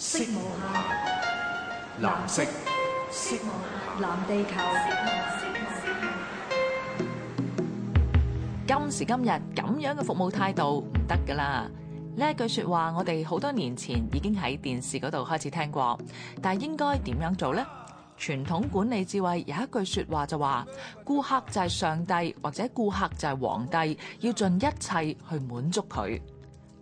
色無瑕，藍色。色無瑕，藍地球。今時今日咁樣嘅服務態度唔得噶啦！呢一句說話，我哋好多年前已經喺電視嗰度開始聽過，但係應該點樣做呢？傳統管理智慧有一句說話就話：顧客就係上帝，或者顧客就係皇帝，要盡一切去滿足佢。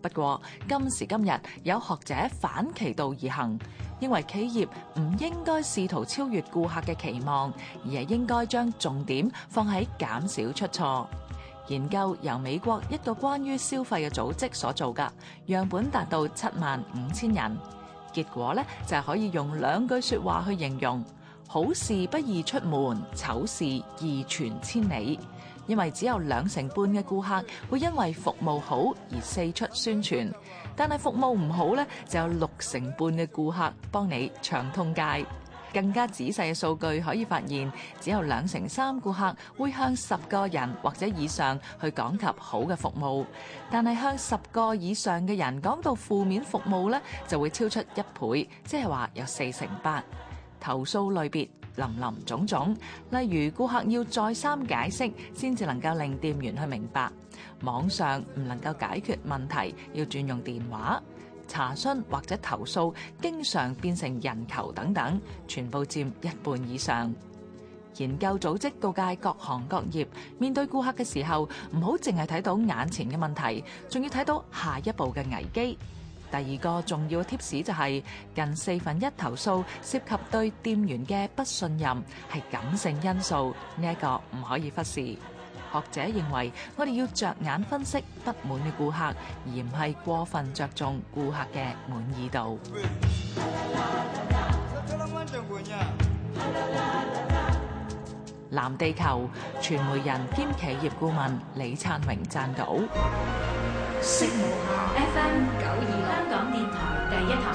不過今時今日，有學者反其道而行，認為企業唔應該試圖超越顧客嘅期望，而係應該將重點放喺減少出錯。研究由美國一個關於消費嘅組織所做噶，樣本達到七萬五千人，結果咧就可以用兩句說話去形容：好事不易出門，醜事易傳千里。因為只有兩成半嘅顧客會因為服務好而四出宣傳，但係服務唔好呢，就有六成半嘅顧客幫你唱通街。更加仔細嘅數據可以發現，只有兩成三顧客會向十個人或者以上去講及好嘅服務，但係向十個以上嘅人講到負面服務呢，就會超出一倍，即係話有四成八投訴類別。林林總總，例如顧客要再三解釋先至能夠令店員去明白，網上唔能夠解決問題，要轉用電話查詢或者投訴，經常變成人球等等，全部佔一半以上。研究組織告誡各行各業面對顧客嘅時候，唔好淨係睇到眼前嘅問題，仲要睇到下一步嘅危機。第二個重要貼士就係，近四分一投訴涉及對店員嘅不信任，係感性因素呢一個唔可以忽視。學者認為，我哋要着眼分析不滿嘅顧客，而唔係過分著重顧客嘅滿意度。藍地球傳媒人兼企業顧問李燦榮讚到：